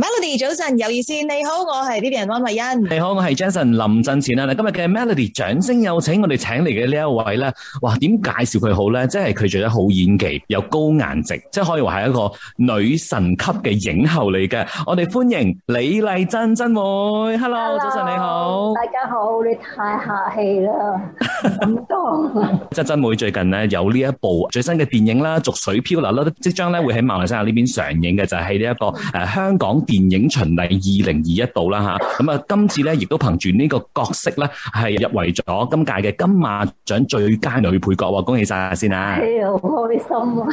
Melody 早晨，有意思。你好，我係呢邊人安慧欣。你好，我係 Jason 林振前啊。今日嘅 Melody 掌聲有請，我哋請嚟嘅呢一位咧，哇，點介紹佢好咧？即係佢做得好演技，又高顏值，即係可以話係一個女神級嘅影后嚟嘅。我哋歡迎李麗珍珍妹。Hello，, Hello 早晨，你好。大家好，你太客氣啦。咁多，真真妹最近咧有呢一部最新嘅電影啦，逐水漂流啦，即將咧會喺馬來西亞呢邊上映嘅，這個，就係呢一個誒香港電影巡禮二零二一度啦吓。咁啊，今次咧亦都憑住呢個角色咧係入圍咗今屆嘅金馬獎最佳女配角，恭喜晒先啊！哎啊，好開心啊！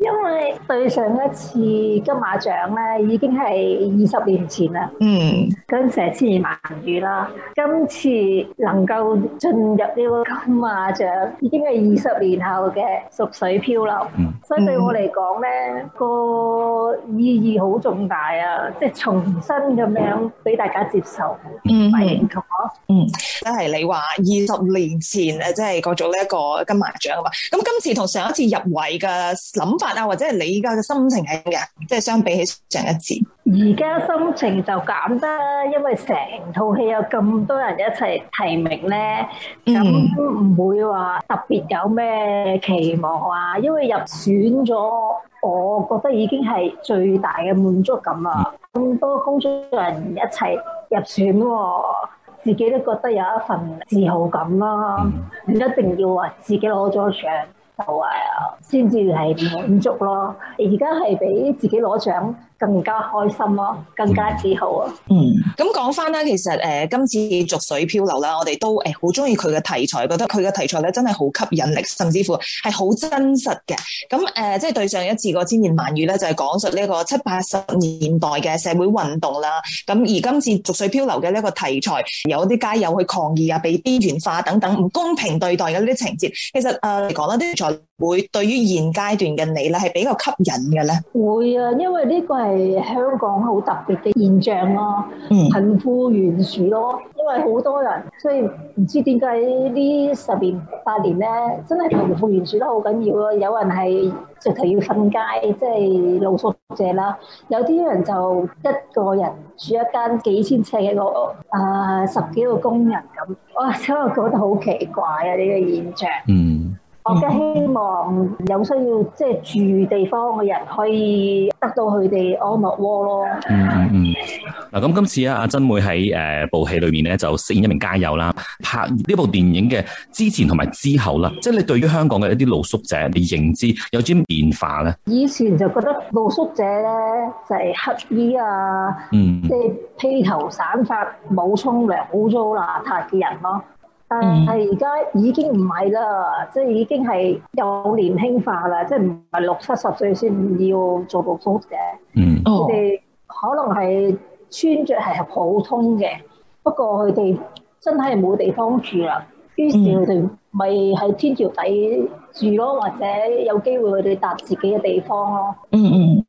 因為對上一次金馬獎咧，已經係二十年前啦。嗯。咁成千言萬語啦，今次能夠進入呢個金馬獎，已經係二十年後嘅濁水漂流。嗯。所以對我嚟講咧，個意義好重大啊！即係重新咁樣俾大家接受，嗯嗯。係認同喎？嗯。即係你話二十年前誒，即係過咗呢一個金馬獎啊嘛。咁今次同上一次入圍嘅諗法。啊，或者係你依家嘅心情係點嘅？即係相比起上一次，而家心情就減得，因為成套戲有咁多人一齊提名咧，咁唔會話特別有咩期望啊。因為入選咗，我覺得已經係最大嘅滿足感啊。咁多工作人一齊入選，自己都覺得有一份自豪感啦。唔一定要話自己攞咗獎。好啊，先至係滿足咯。而家係畀自己攞獎更加開心咯，更加自豪啊！嗯，咁講返啦，其實誒今次逐水漂流啦，我哋都誒好中意佢嘅題材，覺得佢嘅題材咧真係好吸引力，甚至乎係好真實嘅。咁誒，即、呃、係、就是、對上一次個千言萬語咧，就係、是、講述呢個七八十年代嘅社會運動啦。咁而今次逐水漂流嘅呢個題材，有啲街友去抗議啊，被邊緣化等等唔公平對待嘅呢啲情節，其實誒嚟、呃、講啦，啲會對於現階段嘅你咧，係比較吸引嘅咧？會啊，因為呢個係香港好特別嘅現象咯，嗯。貧富懸殊咯。因為好多人，所以唔知點解呢十年八年咧，真係貧富懸殊都好緊要咯。有人係直頭要瞓街，即係露宿者啦。有啲人就一個人住一間幾千尺嘅個啊十幾個工人咁。哇，所以我覺得好奇怪啊呢個現象。嗯。我嘅希望有需要即係住地方嘅人可以得到佢哋安樂窩咯。嗯嗯嗯。嗱咁今次啊，阿珍妹喺，誒部戲裏面咧，就飾演一名街友啦。拍呢部電影嘅之前同埋之後啦，即係你對於香港嘅一啲露宿者，你認知有啲變化咧？以前就覺得露宿者咧就係乞兒啊，嗯，即係披頭散髮、冇沖涼、污糟邋遢嘅人咯。但係而家已經唔係啦，即係已經係有年輕化啦，即係唔係六七十歲先要做到通嘅。嗯，佢哋可能係穿着係普通嘅，不過佢哋真係冇地方住啦。於是佢哋咪喺天橋底住咯，或者有機會佢哋搭自己嘅地方咯。嗯嗯。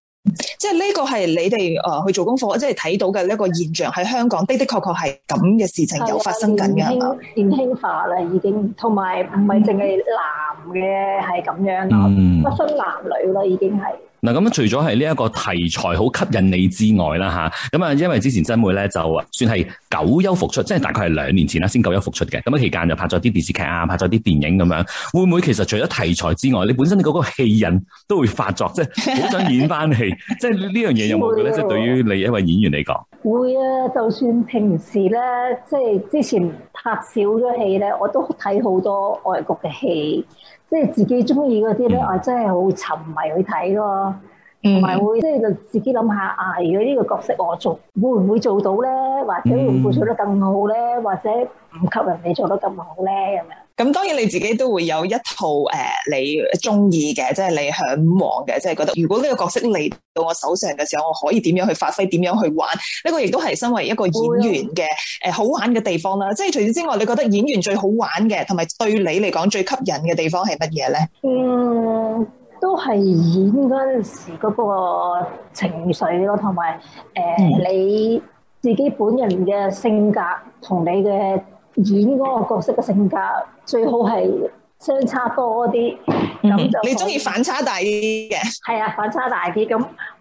即係呢個係你哋誒，去做功課，即係睇到嘅呢一、這個現象，喺香港的確是這樣，的確確係咁嘅事情有發生緊嘅，年輕化啦，已經，同埋唔係淨係男嘅係咁樣咯，不、嗯、分男女咯，已經係。嗱，咁除咗係呢一個題材好吸引你之外啦，吓咁啊，因為之前真妹咧就算係久休復出，即係大概係兩年前啦先久休復出嘅，咁啊期間又拍咗啲電視劇啊，拍咗啲電影咁樣，會唔會其實除咗題材之外，你本身嗰個戲癮都會發作，即係好想演翻戲， 即係呢樣嘢有冇咧？即係對於你一位演員嚟講，會啊，就算平時咧，即係之前拍少咗戲咧，我都睇好多外國嘅戲。即係自己中意嗰啲咧，我真係好沉迷去睇咯，同、嗯、埋會即係就自己諗下啊，如果呢個角色我做，會唔會做到咧？或者會唔會做得更好咧？或者唔及人哋做得咁好咧？咁樣。咁當然你自己都會有一套誒你中意嘅，即係你向往嘅，即係覺得如果呢個角色嚟到我手上嘅時候，我可以點樣去發揮，點樣去玩？呢個亦都係身為一個演員嘅誒好玩嘅地方啦。即係、哦、除此之外，你覺得演員最好玩嘅，同埋對你嚟講最吸引嘅地方係乜嘢咧？嗯，都係演嗰陣時嗰個情緒咯，同埋誒你自己本人嘅性格同你嘅。演嗰個角色嘅性格最好係相差多啲。咁、嗯、就你中意反差大啲嘅？係啊，反差大啲，咁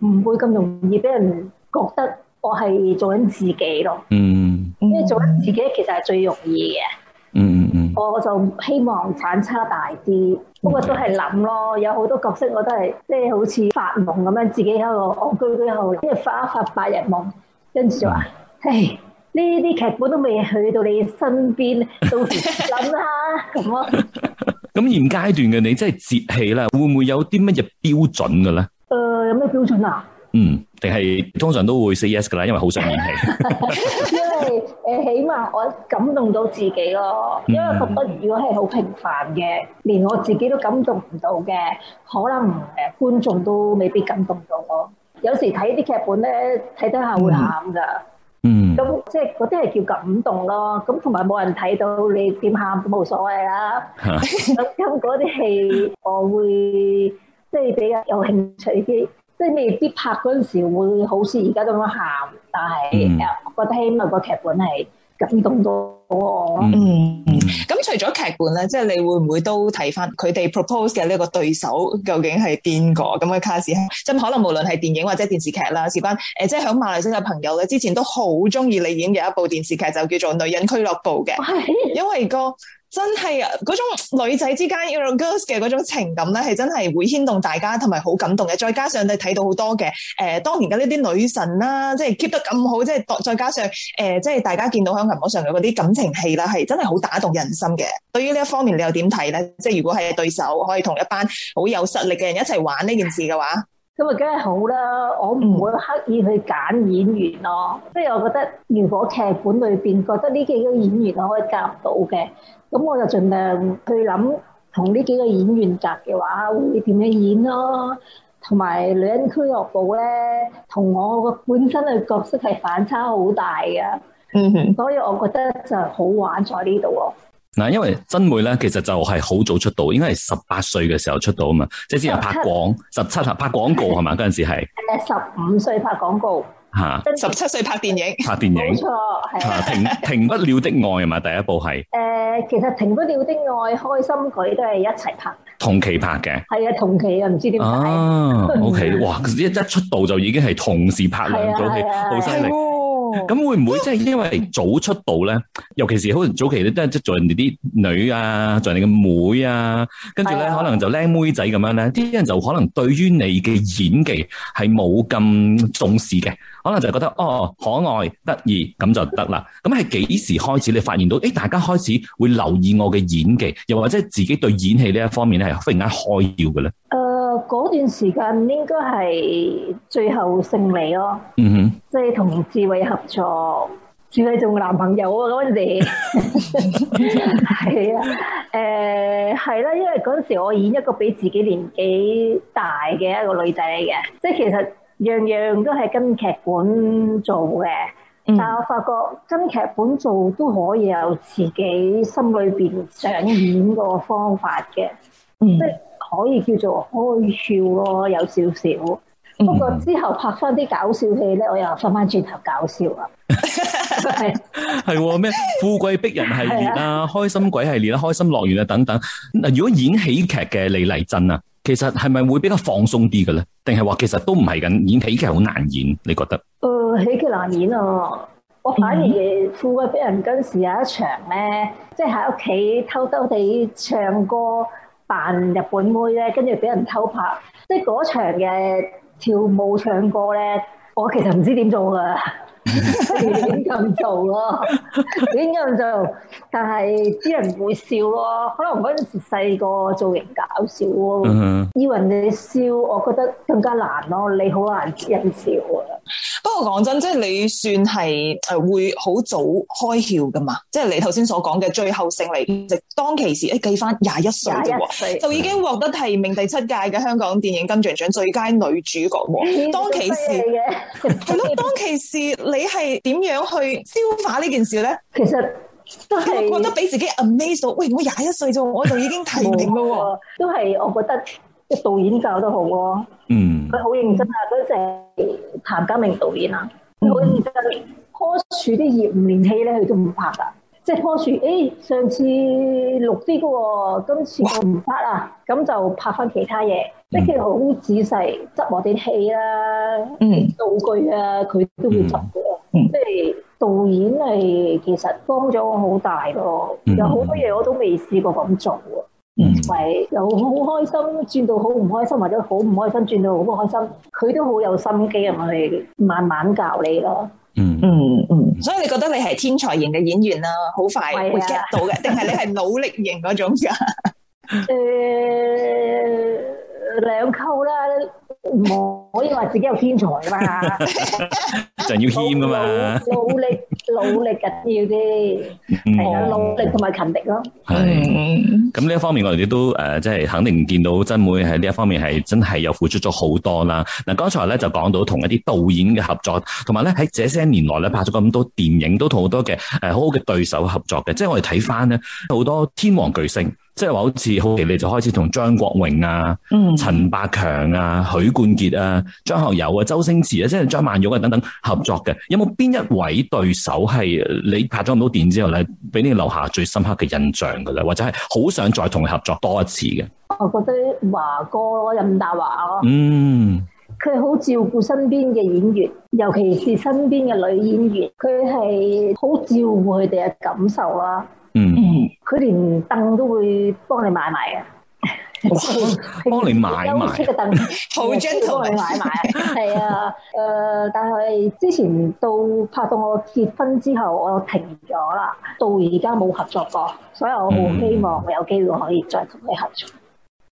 唔會咁容易俾人覺得我係做緊自己咯。嗯，因為做緊自己其實係最容易嘅。嗯嗯，我就希望反差大啲，嗯，不過都係諗咯。有好多角色我都係，即係好似發夢咁樣，自己喺度戇居居後即跟住發一發白日夢，跟住就話，嘿、嗯。唉呢啲劇本都未去到你身邊，到時諗下咁咯。咁現階段嘅你真係接戲啦，會唔會有啲乜嘢標準嘅咧？誒，有咩標準啊？嗯，定係通常都會 say yes 噶啦，因為好想演戲。因為誒，起碼我感動到自己咯。因為覺得如果係好平凡嘅，連我自己都感動唔到嘅，可能誒觀眾都未必感動到我。有時睇啲劇本咧，睇得下會喊噶。咁即係嗰啲係叫感動咯，咁同埋冇人睇到你點喊都冇所謂啦。咁嗰啲戲我會即係比較有興趣啲，即係未必拍嗰陣時會好似而家咁樣喊，但係我覺得希望個劇本係。感動到喎！嗯，咁、嗯、除咗劇本咧，即係你會唔會都睇翻佢哋 propose 嘅呢個對手究竟係邊個？咁嘅卡士，即係可能無論係電影或者電視劇啦，事關、呃、即係響馬來西亞朋友咧，之前都好中意你演嘅一部電視劇，就叫做《女人俱樂部》嘅，係，因為個。真係嗰種女仔之間 girls 嘅嗰種情感咧，係真係會牽動大家，同埋好感動嘅。再加上你睇到好多嘅，誒、呃，當年嘅呢啲女神啦，即係 keep 得咁好，即係再加上誒、呃，即係大家見到喺銀幕上嘅嗰啲感情戲啦，係真係好打動人心嘅。對於呢一方面，你又點睇咧？即係如果係對手可以同一班好有實力嘅人一齊玩呢件事嘅話，咁啊，梗係好啦。我唔會刻意去揀演員咯，啊，即係我覺得如果劇本裏邊覺得呢幾個演員可以夾到嘅。咁我就盡量去諗同呢幾個演員集嘅話會點樣演咯，同埋女人俱樂部咧，同我個本身嘅角色係反差好大嘅，嗯哼，所以我覺得就好玩在呢度喎。嗱，因為真妹咧，其實就係好早出道，應該係十八歲嘅時候出道啊嘛，即係之前拍廣十七啊，拍廣告係嘛，嗰陣時係誒十五歲拍廣告。吓，十七歲拍電影，拍電影，錯係，停停不了的愛嘛。 第一部係，誒、呃，其實停不了的愛開心鬼都係一齊拍，同期拍嘅，係啊同期啊，唔知點解，哦，O K，哇，一一出道就已經係同時拍兩組戲，好犀利。咁會唔會即係因為早出道咧？ 尤其是好早期咧，都係即係做人哋啲女啊，做人哋嘅妹，妹啊，跟住咧 可能就靚妹仔咁樣咧，啲人就可能對於你嘅演技係冇咁重視嘅，可能就覺得哦，可愛得意咁就得啦。咁係幾時開始你發現到誒、哎？大家開始會留意我嘅演技，又或者自己對演戲呢一方面咧係忽然間開竅嘅咧？誒、呃，嗰段時間應該係最後勝利咯、哦。嗯。 即係同志偉合作，志偉做男朋友啊！嗰陣時，係 啊，誒、欸，係啦，啊，因為嗰陣時候我演一個比自己年紀大嘅一個女仔嚟嘅，即係其實樣樣都係跟劇本做嘅，但係我發覺跟劇本做都可以有自己心裏邊想演個方法嘅， 即係可以叫做開竅咯，有少少。不過之後拍翻啲搞笑戲咧，我又翻翻轉頭搞笑啊， 是啊，係係咩富貴逼人系列啊， 開心鬼系列啊，開心樂園啊等等。嗱，如果演喜劇嘅李麗珍啊，其實係咪會比較放鬆啲嘅咧？定係話其實都唔係咁，演喜劇好難演？你覺得？誒、呃，喜劇難演啊，我反而富貴逼人嗰時有一場咧，嗯，即係喺屋企偷偷哋唱歌扮日本妹咧，跟住俾人偷拍，即係嗰場嘅。跳舞唱歌咧，我其實唔知點做噶。點 咁做咯、啊？點咁做？但係啲人會笑咯、啊，可能嗰陣時細個造型搞笑以、啊、為 你笑，我覺得更加難咯、啊。你好難人笑、啊、笑不過講真的，即、就、係、是、你算係誒會好早開竅噶嘛？即、就、係、是、你頭先所講嘅最後勝利，當其時誒計翻廿一歲啫，哎、歲已歲 就已經獲得提名第七屆嘅香港電影金像獎最佳女主角喎。當其時係咯，當其時， 當時 你。你係點樣去消化呢件事咧？其實都係，我覺得俾自己 amaze 到。喂，我廿一歲啫，我就已經提名咯。 都係，我覺得即係導演教得好咯。嗯，佢好認真啊！嗰陣譚家明導演啊，佢、嗯、認真。棵樹啲葉唔連戲咧，佢都唔拍噶。即係棵樹，誒，上次錄啲嘅，今次我唔拍啦，咁就拍翻其他嘢。即係佢好仔細執我啲戲啦，嗯，道具啊，佢都會執。嗯即、嗯、係導演係，其實幫咗我好大咯。有好多嘢，我都未試過咁做啊，係、嗯、又好開心，轉到好唔開心，或者好唔開、開心，轉到好開心。佢都好有心機，去慢慢教你咯。嗯嗯嗯。所以你覺得你係天才型嘅演員啦，好快會 get 到嘅，定係、啊、你係努力型嗰種噶？誒、 嗯，兩溝啦。唔可以話自己有天才啊嘛，就 要謙噶嘛，努力努力緊要啲，係啊，努力同埋、嗯、勤力咯、啊。係咁呢一方面我，我哋都誒，即、就、係、是、肯定見到真妹喺呢一方面係真係有付出咗好多啦。嗱、啊，剛才咧就講到同一啲導演嘅合作，同埋咧喺這些年來咧拍咗咁多電影，都同好多嘅誒、呃、好好嘅對手合作嘅、嗯。即係我哋睇翻咧好多天王巨星。即係我好似好奇你，就開始同張國榮啊、嗯、陳百強啊、許冠傑啊、張學友啊、周星馳啊，即係張曼玉啊等等合作嘅。有冇邊一位對手係你拍咗咁多電影之後咧，俾你留下最深刻嘅印象㗎咧？或者係好想再同佢合作多一次嘅？我覺得華哥任達華咯，嗯，佢好照顧身邊嘅演員，尤其是身邊嘅女演員，佢係好照顧佢哋嘅感受啦、啊。嗯，佢、嗯、連凳都會幫你買埋嘅，幫你買埋個凳，好 gentle 幫你買埋。係 啊，誒、呃，但係之前到拍到我結婚之後，我停咗啦，到而家冇合作過，所以我好希望我有機會可以再同你合作。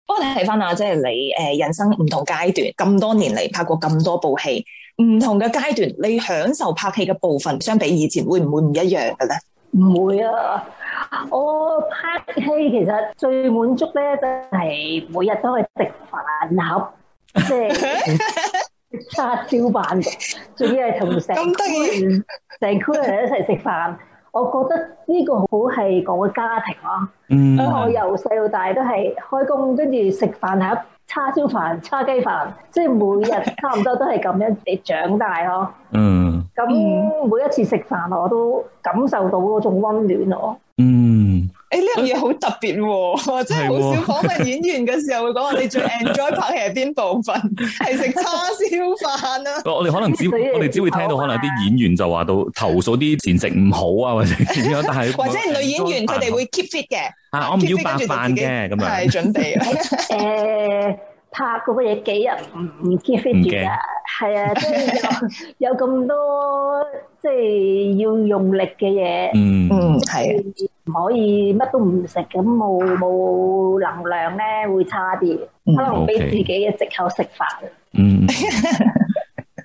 幫、嗯、你睇翻，啊，即、就、係、是、你誒、呃，人生唔同階段，咁多年嚟拍過咁多部戲，唔同嘅階段，你享受拍戲嘅部分，相比以前會唔會唔一樣嘅咧？唔會啊。我拍戲其實最滿足咧，都係每日都係食飯盒， 即係叉燒飯，仲要係同成區成人一齊食飯。我覺得呢個好係我的家庭咯、啊。嗯，我由細到大都係開工，跟住食飯盒、叉燒飯、叉雞飯，即係每日差唔多都係咁樣 你長大咯、啊。嗯。咁、嗯、每一次食飯啊，我都感受到嗰種温暖咯。嗯。誒呢樣嘢好特別喎、啊，真係好少訪問演員嘅時候會講，我哋最 enjoy 拍戲係邊部分？係 食叉燒飯啦、啊。我哋可能只我哋只會聽到可能有啲演員就話到投訴啲膳食唔好啊， 或者點樣。但係或者女演員佢哋會,會 keep fit 嘅。嚇、啊！啊、feet, 我唔要白飯嘅咁樣。係準備誒、 呃、拍嗰個嘢幾日唔 keep fit 嘅。不係啊，即、就、係、是、有咁 多即係、就是、要用力嘅嘢，嗯嗯係啊，唔可以乜都唔食，咁冇冇能量咧會差啲，可能俾自己嘅藉口食飯。嗯，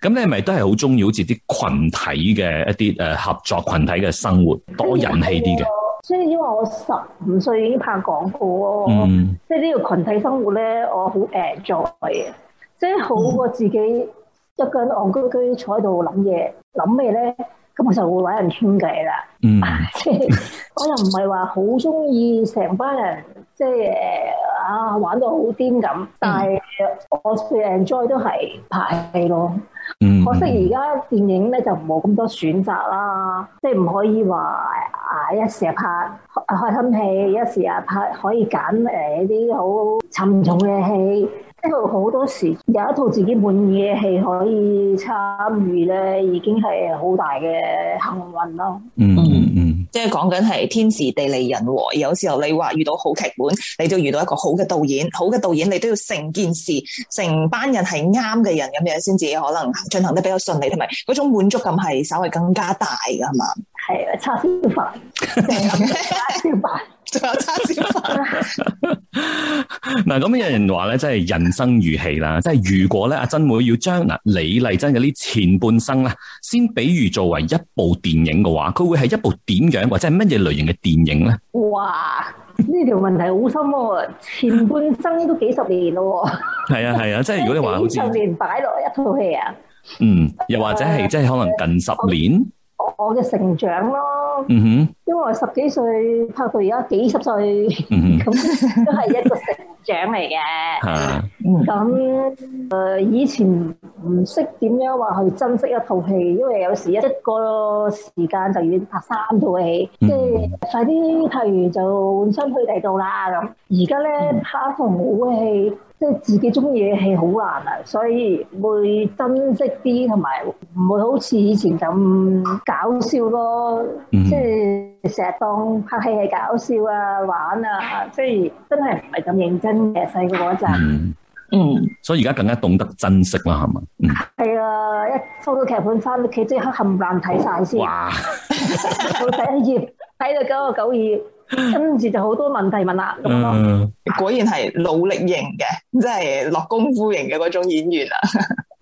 咁 你係咪都係好中意好似啲群體嘅一啲誒合作群體嘅生活，多人氣啲嘅？所以因為我十五歲已經拍廣告咯，即係呢個群體生活咧，我好誒在嘅，即、就、係、是、好過自己、嗯。一個人戇居居坐喺度諗嘢，諗咩咧？咁我就會搵人傾偈啦。嗯、mm -hmm.， 我又唔係話好中意成班人，即係誒啊玩到好癲咁。但係我 enjoy 都係拍戲咯。嗯，可惜而家電影咧就冇咁多選擇啦，即係唔可以話挨一時啊拍開心戲，一時啊拍可以揀誒一啲好沉重嘅戲。呢度好多時有一套自己滿意嘅戲可以參與咧，已經係好大嘅幸運咯。嗯嗯嗯，嗯，即係講緊係天時地利人和。有時候你話遇到好劇本，你都遇到一個好嘅導演，好嘅導演，你都要成件事成班人係啱嘅人咁樣先至可能進行得比較順利，同埋嗰種滿足感係稍微更加大噶嘛。係啊，叉燒飯，叉燒飯。 仲有叉燒飯啊！嗱，咁有人話咧，即係人生如戲啦。 即係如果咧，阿珍妹要將嗱李麗珍嘅呢前半生咧，先比喻作為一部電影嘅話，佢會係一部點樣或者係乜嘢類型嘅電影咧？哇！呢條問題好深喎，哦，前半生都幾十年咯。係 啊係啊，即係如果你話好似十年擺落一套戲啊。嗯，又或者係即係可能近十年。我嘅成長咯，因為我十幾歲拍到而家幾十歲，咁都係一個成長嚟嘅。咁誒以前唔識點樣話去珍惜一套戲，因為有時一個時間就要拍三套戲，即係快啲拍完就換身去第二度啦。咁而家咧拍一套好嘅戲，即係自己中意嘅戲好難啊，所以會珍惜啲同埋唔會好似以前咁簡。搞笑咯，即係成日當拍戲係搞笑啊、玩啊，即係真係唔係咁認真嘅細個嗰陣。嗯，所以而家更加懂得珍惜啦，係嘛？係啊，一收到劇本翻屋企即刻冚唪唥睇晒先。哇！睇一頁睇到九個九頁，跟住就好多問題問啊咁咯。果然係努力型嘅，即係落功夫型嘅嗰種演員啊！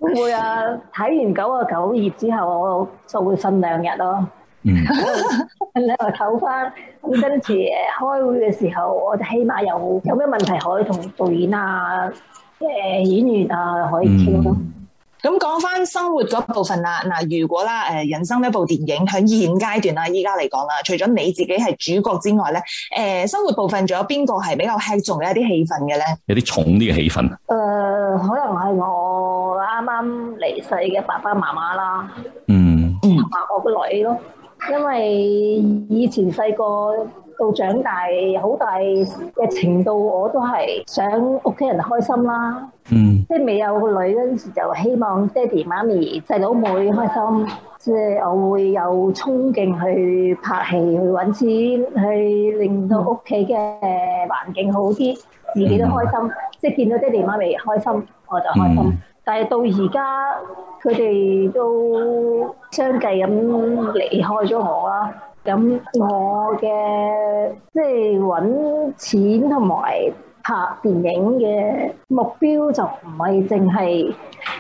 會啊！睇完九個九頁之後，我就會瞓兩日咯。你又唞翻，跟 住開會嘅時候，我哋起碼有有咩問題可以同導演啊、即、呃、誒演員啊可以傾咯、啊。嗯咁講翻生活嗰部分啦嗱，如果啦，誒，人生一部電影喺現階段啦，依家嚟講啦，除咗你自己係主角之外咧，誒，生活部分仲有邊個係比較吃重嘅一啲氣氛嘅咧？有啲重啲嘅氣氛？誒、呃，可能係我啱啱離世嘅爸爸媽媽啦。嗯嗯，同埋我個女咯，因為以前細個。到長大好大嘅程度，我都係想屋企人開心啦。嗯，即係未有個女嗰陣時，就希望爹哋媽咪、細佬妹開心。即係我會有衝勁去拍戲、去揾錢、去令到屋企嘅環境好啲，自己都開心。即係見到爹哋媽咪開心，我就開心。但係到而家，佢哋都相繼咁離開咗我啦。咁我嘅即係搵錢同埋拍電影嘅目標就唔係淨係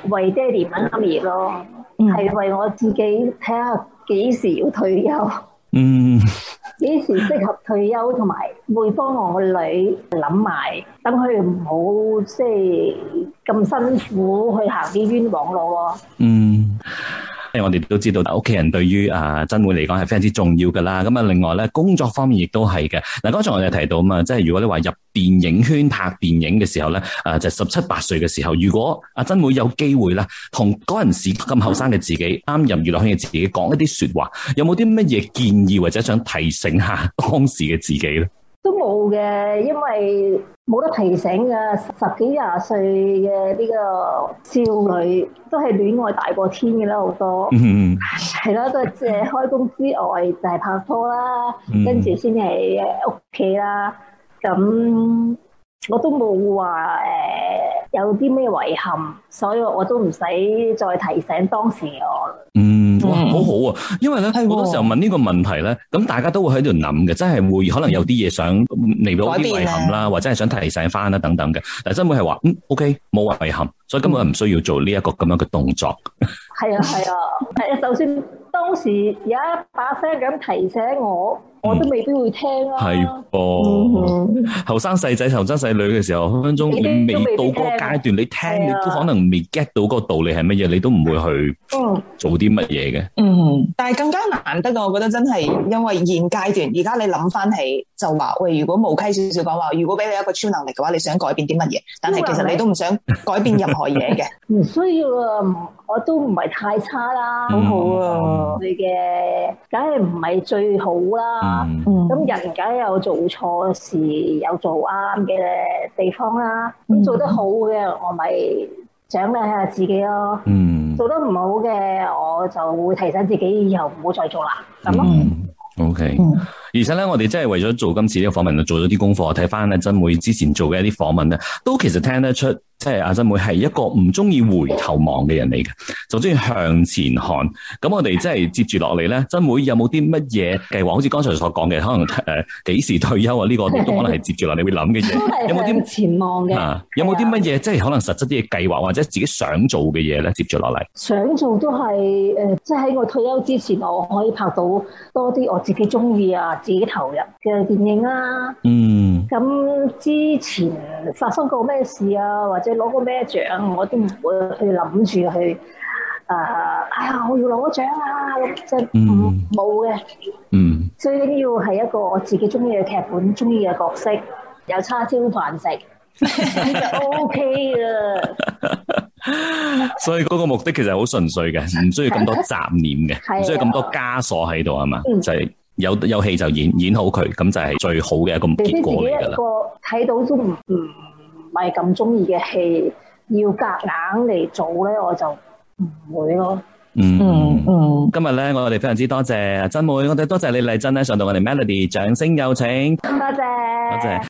為爹哋媽咪咯，係為我自己睇下幾時要退休，嗯，幾時適合退休，同埋會幫我個女諗埋，等佢唔好即係咁辛苦去行啲冤枉路咯，嗯。即、嗯、我哋都知道，屋企人對於啊真妹嚟講係非常之重要噶啦。咁啊，另外咧，工作方面亦都係嘅。嗱，剛才我哋提到嘛，即係如果你話入電影圈拍電影嘅時候咧，誒、啊，就是、十七八歲嘅時候，如果阿、啊、真妹有機會咧，同嗰陣時咁後生嘅自己，啱入娛樂圈嘅自己，講一啲說話，有冇啲乜嘢建議或者想提醒下當時嘅自己咧？都冇嘅，因為冇得提醒㗎。十幾廿歲嘅呢個少女，都係戀愛大過天嘅啦，好多。係咯，都係開工之外就係拍拖啦，跟住先喺屋企啦。咁我都冇話誒有啲咩遺憾，所以我都唔使再提醒當時我。好、嗯、好啊，因為咧，好多時候問呢個問題咧，咁大家都會喺度諗嘅，真係會可能有啲嘢想彌補啲遺憾啦，或者係想提醒翻啦等等嘅。但係真會係話，嗯，O K，冇話遺憾，嗯，所以根本係唔需要做呢一個咁樣嘅動作。係啊係啊，誒， 就算當時有一把聲咁提醒我。我都未必會聽啊。係噃，後生細仔、後生細女嘅時候，分分鐘你未到嗰個階段，你聽你都、啊、可能未 get 到嗰個道理係乜嘢，你都唔會去做啲乜嘢嘅。嗯，但係更加難得啊！我覺得真係，因為現階段而家你諗翻起就話喂，如果無稽少少講話，如果俾你一個超能力嘅話，你想改變啲乜嘢？但係其實你都唔想改變任何嘢嘅。唔需要啊，我都唔係太差啦，好、嗯、好啊，你嘅梗係唔係最好啦、啊。咁、嗯、人梗有做錯事有做啱嘅地方啦，咁做得好嘅我咪獎勵下自己咯。嗯，做得唔好嘅我就會提醒自己以後唔好再做啦。咁、嗯、咯，OK、嗯。而且咧，我哋真係為咗做今次呢個訪問，就做咗啲功課，睇翻咧曾妹之前做嘅一啲訪問咧，都其實聽得出。即係阿珍妹係一個唔中意回頭望嘅人嚟嘅，就中意向前看。咁我哋即係接住落嚟咧，珍妹有冇啲乜嘢計劃？好似剛才所講嘅，可能誒幾、呃、時退休啊？呢、這個都可能係接住落嚟會諗嘅嘢。有冇啲前瞻嘅？有冇啲乜嘢？即係可能實質啲嘅計劃，或者自己想做嘅嘢咧？接住落嚟，想做都係誒，即係喺我退休之前，我可以拍到多啲我自己中意啊、自己投入嘅電影啦、啊。嗯。咁之前發生過咩事啊？或者攞過咩獎？我都唔會去諗住去，啊、呃！哎呀，我要攞獎啊！即係冇嘅。嗯。最緊、嗯、要係一個我自己中意嘅劇本、中意嘅角色，有叉燒飯食 就 OK 啊的。 所以嗰個目的其實好純粹嘅，唔需要咁多雜念嘅，唔需要咁多枷鎖喺度啊嘛，就係。有有戲就演演好佢，咁就係最好嘅一個結果嚟噶啦。睇到都唔唔係咁中意嘅戲，要夾硬嚟做咧，我就唔會咯。嗯嗯，今日咧我哋非常之多謝珍妹，我哋多謝李麗珍咧上到我哋 Melody，掌聲有請。多謝。多謝。